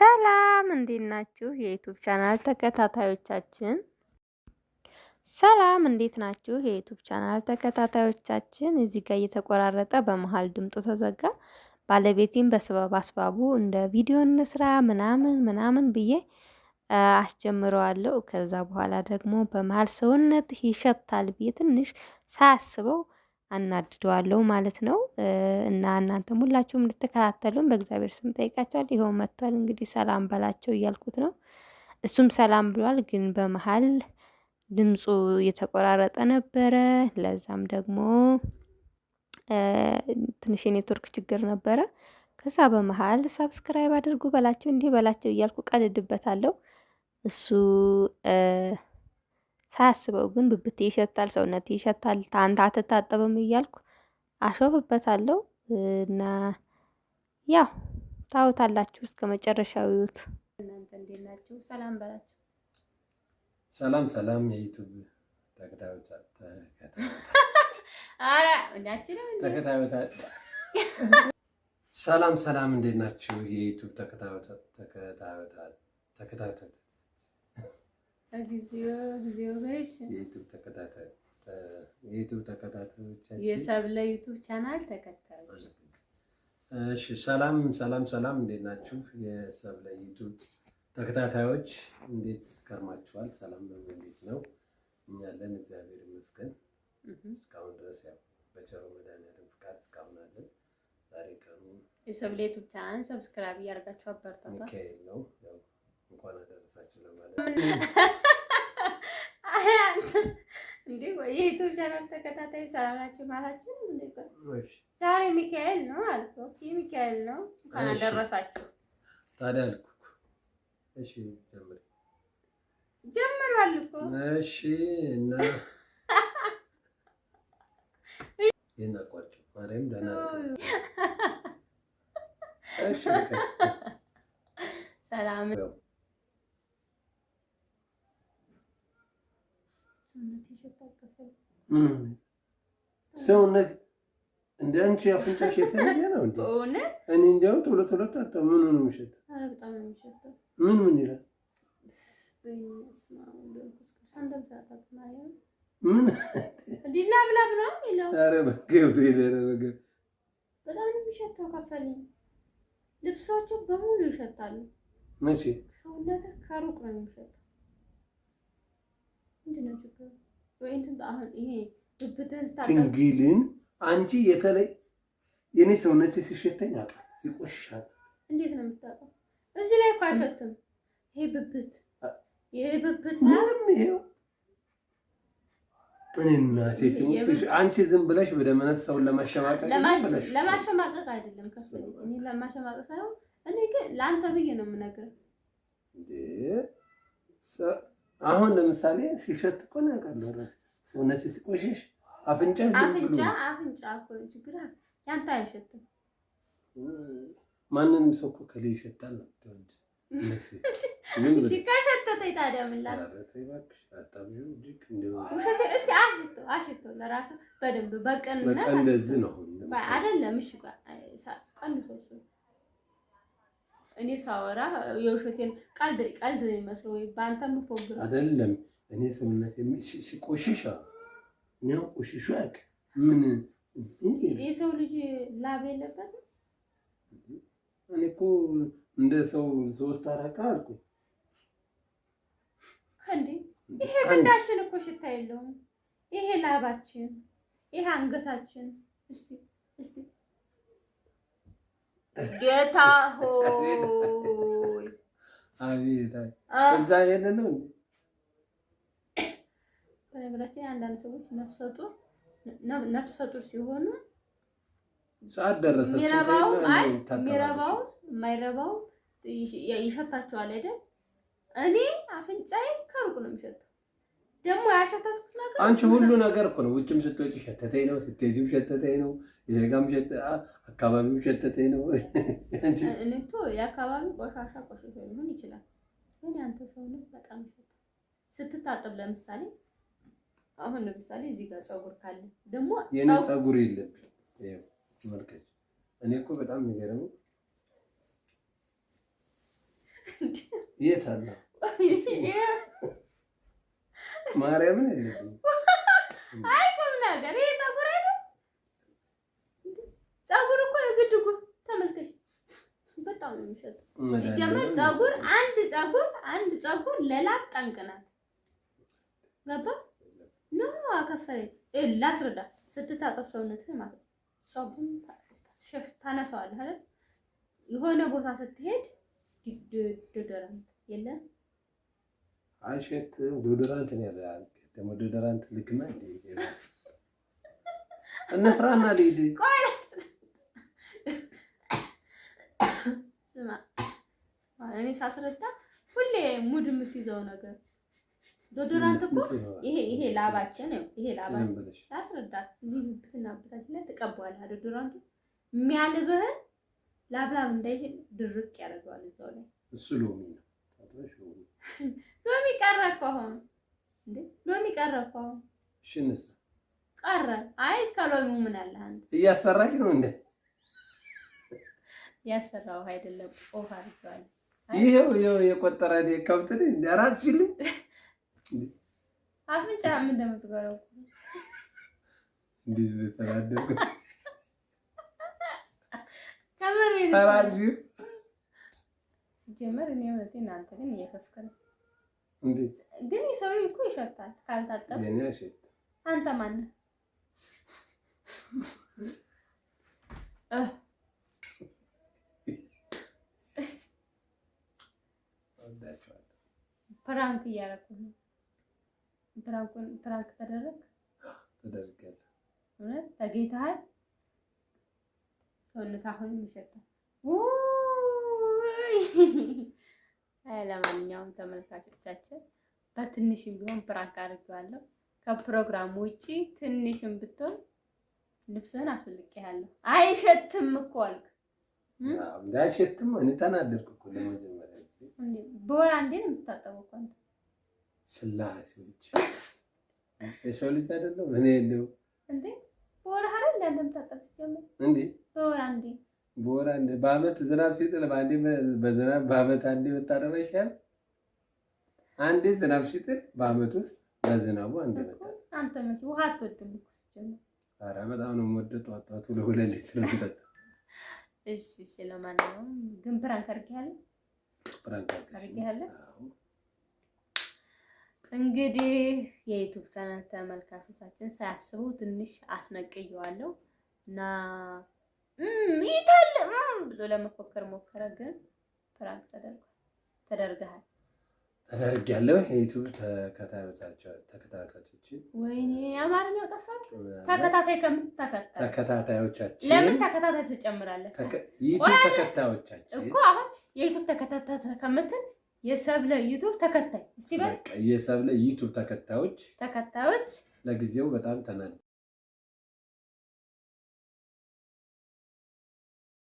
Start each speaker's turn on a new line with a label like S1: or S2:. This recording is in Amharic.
S1: ሰላም እንዴት ናችሁ? የዩቱብ ቻናል ተከታታዮቻችን ሰላም እንዴት ናችሁ? የዩቱብ ቻናል ተከታታዮቻችን እዚህ ጋር እየተቆራረጠ በመሀል ድምጡ ተዘጋ። ባለቤቴም በስበብ አስባቡ እንደ ቪዲዮ እንስራ ምናምን ምናምን ብዬ አስጀምረዋለሁ። ከዛ በኋላ ደግሞ በመሀል ሰውነት ይሸታል ብዬ ትንሽ ሳያስበው አናድደዋለሁ ማለት ነው። እና እናንተም ሁላችሁም እንድትከታተሉን በእግዚአብሔር ስም ጠይቃቸዋል። ይኸው መጥቷል። እንግዲህ ሰላም በላቸው እያልኩት ነው። እሱም ሰላም ብሏል። ግን በመሀል ድምፁ እየተቆራረጠ ነበረ። ለዛም ደግሞ ትንሽ የኔትወርክ ችግር ነበረ። ከዛ በመሀል ሳብስክራይብ አድርጉ በላቸው እንዲህ በላቸው እያልኩ ቀልድበታለሁ እሱ ሳያስበው ግን ብብት ይሸታል፣ ሰውነት ይሸታል። ታንታ አትታጠብም እያልኩ አሾፍበታለሁ እና ያው ታውታላችሁ እስከ መጨረሻው ይዩት። እናንተ እንዴት ናችሁ? ሰላም በላችሁ።
S2: ሰላም ሰላም፣ የዩቱብ ሰላም ሰላም፣ እንዴት ናችሁ? የዩቱብ ተከታዮቻችን የዩቱብ ተከታታዮቻችን
S1: የሰብለ ዩቱብ ቻናል ተከታዮች
S2: ሰላም ሰላም ሰላም፣ እንዴት ናችሁ? የሰብለ ዩቱብ ተከታታዮች እንዴት ከርማችኋል? ሰላም ነው? እንዴት ነው? እኛ አለን፣ እግዚአብሔር ይመስገን። እስካሁን ድረስ ያው በቸሮ መድኃኒዓለም ፍቃድ እስካሁን አለን። ዛሬ ቀኑ
S1: የሰብለ ዩቱብ ቻናል ሰብስክራይብ እያደረጋችሁ አበረታታ
S2: ነው። ያው እንኳን አደረ
S1: የዩቱብ ቻናል ተከታታይ ሰላማችሁ ማላችሁ። ዛሬ ሚካኤል ነው አልኩ። ይህ ሚካኤል ነው። እንኳን አደረሳችሁ።
S2: ታዲያ አልኩ እሺ፣
S1: ጀምሯል እኮ
S2: እሺ። እና ይህን አቋርጭው ማርያም ደህና ሰላም ሰውነት እንደ አንቺ አፍንጫሽ የተለየ ነው እንዴ? እኔ እንዲያውም ቶሎ ቶሎ ታጣ ምን ምን ምሸት ምን ምን ይላል? ምን ኧረ በገብርኤል ኧረ በገብርኤል
S1: በጣም ነው የሚሸተው። ከፈልኝ ልብሳቸው በሙሉ ይሸጣሉ መቼ ሰውነት ከሩቅ ነው የሚሸተው
S2: ድንግልን አንቺ የተለይ የኔ ሰውነት ሲሸተኝ አውቃል፣ ሲቆሽሽ
S1: እንዴት ነው የምታውቀው? እዚህ ላይ እኮ አይሸትም። ይሄ ብብት ይሄ ብብት
S2: ምንም ይሄው እኔና እናቴ አንቺ ዝም ብለሽ በደመነፍስ ሰውን ለማሸማቀቅ
S1: ለማሸማቀቅ አይደለም፣ ለማሸማቀቅ ሳይሆን እኔ ግን ለአንተ ብዬ ነው የምነግርህ
S2: አሁን ለምሳሌ ሲሸት እኮ ነው ያውቃለሁ። እውነት ሲቆሽሽ አፍንጫ
S1: አፍንጫ አፍንጫ ችግር ያንተ አይሸትም።
S2: ማንንም ሰው እኮ ከላይ ይሸታል ነው
S1: ከሸተተኝ ታዲያ ምን ላድርግ? እስኪ አሽቶ አሽቶ ለራሱ በደንብ በቀን እንደዚህ ነው አይደለም። እሺ ቀንሶ እኔ ሳወራ የውሸቴን ቀልድ ቀልድ ነው የሚመስለው ወይ በአንተ ምፎግር
S2: አይደለም። እኔ ሰውነት ቆሽሻ ነው ቆሽሾ ያቅ ምን
S1: የሰው ልጅ ላብ የለበትም።
S2: እኔ እኮ እንደ ሰው ሶስት አራቃ አልኩ
S1: እንዴ! ይሄ ግንዳችን እኮ ሽታ የለውም። ይሄ ላባችን፣ ይሄ አንገታችን። እስቲ እስቲ ጌታ ሆይ
S2: አቤት። እዛ ነው።
S1: በነገራችን አንዳንድ ሰዎች ነፍሰጡ ነፍሰጡ ሲሆኑ ሰዓት ደረሰ የማይረባው ይሸታቸዋል አይደል? እኔ አፍንጫዬ ከሩቅ ነው የሚሸተው ደግሞ ያሸተትኩት
S2: ነገር አንቺ ሁሉ ነገር እኮ ነው። ውጭም ስትወጪ ሸተተኝ ነው፣ ስትሄጂም ሸተተኝ ነው፣ የጋም አካባቢም ሸተተኝ ነው። እኔ
S1: እኮ የአካባቢው ቆሻሻ ቆሻሻ ሊሆን ይችላል፣ ግን ያንተ ሰውነት በጣም ይሸታል። ስትታጠብ ለምሳሌ አሁን ለምሳሌ እዚህ ጋር ፀጉር ካለ ደግሞ
S2: የኔ ፀጉር የለብኝ። እኔ እኮ በጣም የሚገርመው የት አለ ማርያምን አይልም።
S1: አይ ቁም ነገር ይሄ ፀጉር አይደል? ፀጉር እኮ የግድ እኮ ተመልከሽ፣ በጣም ነው የሚሸጠው። ሲጀመር ፀጉር አንድ ፀጉር አንድ ፀጉር ለላብ ጠንቅ ናት። ገባ ኖ አከፈለ ላስረዳ። ስትታጠብ ሰውነትህን ማለት ነው ፀጉሩን ታነሳዋለህ አይደል? የሆነ ቦታ ስትሄድ ዲዶደራንት የለም
S2: አይሸትም። ዶዶራንት ነው ደግሞ ዶዶራንት ልክና እንስራና ልሂድ።
S1: እኔ ሳስረዳ ሁሌ ሙድ የምትይዘው ነገር ዶዶራንት እኮ ይሄ ይሄ ላባችን ይሄ ላባችን ላስረዳት። እዚህ ብትና ብታችን ላይ ትቀባዋለህ። ዶዶራንቱ የሚያልብህ ላብላብ እንዳይሄድ ድርቅ ያደርገዋል እዛው
S2: ላይ እሱ ሎሚ ነው
S1: ሎሚ ቀረ እኮ አሁን እንዴ ሎሚ ቀረ እኮ አሁን። እሺ እንስ ቀረ። አይ ከሎሚው ምን አለ
S2: አንተ እያሰራሽ ነው እንዴ?
S1: ያሰራው አይደለም ኦፍ አድርገዋል።
S2: ይሄው ይሄው የቆጠረ ደ ከብት ነኝ
S1: አፍንጫ ምን እንዴ ሲጀመር እኔ እውነቴ እናንተ ግን እየሸፍክ ነው። እንዴት ግን የሰው እኮ ይሸታል ካልታጠብ። አንተ ማነህ? ፕራንክ እያደረኩ ነው። ፕራንክ ተደረግ ተደርግ እውነት ተጌታሃል። ሰውነት አሁንም ይሸታል ለማንኛውም ተመልካቾቻችን በትንሽም ቢሆን ብራክ አድርጌዋለሁ። ከፕሮግራም ውጪ ትንሽም ብትሆን ልብስህን አስወልቄሃለሁ። አይሸትም እኮ አልክ።
S2: እንዳይሸትም እንጠናደርክ እኮ ለመጀመሪያ
S1: በወር አንዴ ነው የምትታጠበው እኮ አንተ።
S2: ስላሴዎች የሰው ልጅ አይደለም እኔ የለው
S1: እንዴ? በወር ሀረ እንዳንተ የምታጠብ
S2: ሲጀምር እንዴ? በወር አንዴ በአመት ዝናብ ሲጥል በዝናብ በአመት አንዴ መታጠብ ይሻል። አንዴ ዝናብ ሲጥል በአመት ውስጥ በዝናቡ አንዴ መታጠብ። በጣም ነው የምወደው። ጠዋት ጠዋት ሁለት ሊትር ነው የምጠጣው።
S1: እሺ እሺ። ለማንኛውም ግን ፕራንክ አድርጌሃለሁ፣ ፕራንክ አድርጌሃለሁ። እንግዲህ የዩቱብ ቻናል ተመልካቾቻችን ሳያስቡ ትንሽ አስነቅየዋለሁ እና ይታል ብሎ ለመፎከር ሞከረ፣ ግን ፕራንክ ተደርጓል። ተደርገሃል
S2: ተደርግ ያለው የዩቱብ ተከታታዮቻችን፣
S1: ወይኔ አማርኛው ጠፋኝ። ተከታታይ ከምትከታተል
S2: ተከታታዮቻችን፣
S1: ለምን ተከታታይ ትጨምራለህ?
S2: ዩቱብ ተከታዮቻችን
S1: እኮ አሁን የዩቱብ ተከታታይ ከምትል የሰብለ ዩቱብ ተከታይ እስቲ በቃ
S2: የሰብለ ዩቱብ ተከታዮች
S1: ተከታዮች
S2: ለጊዜው በጣም ተናድ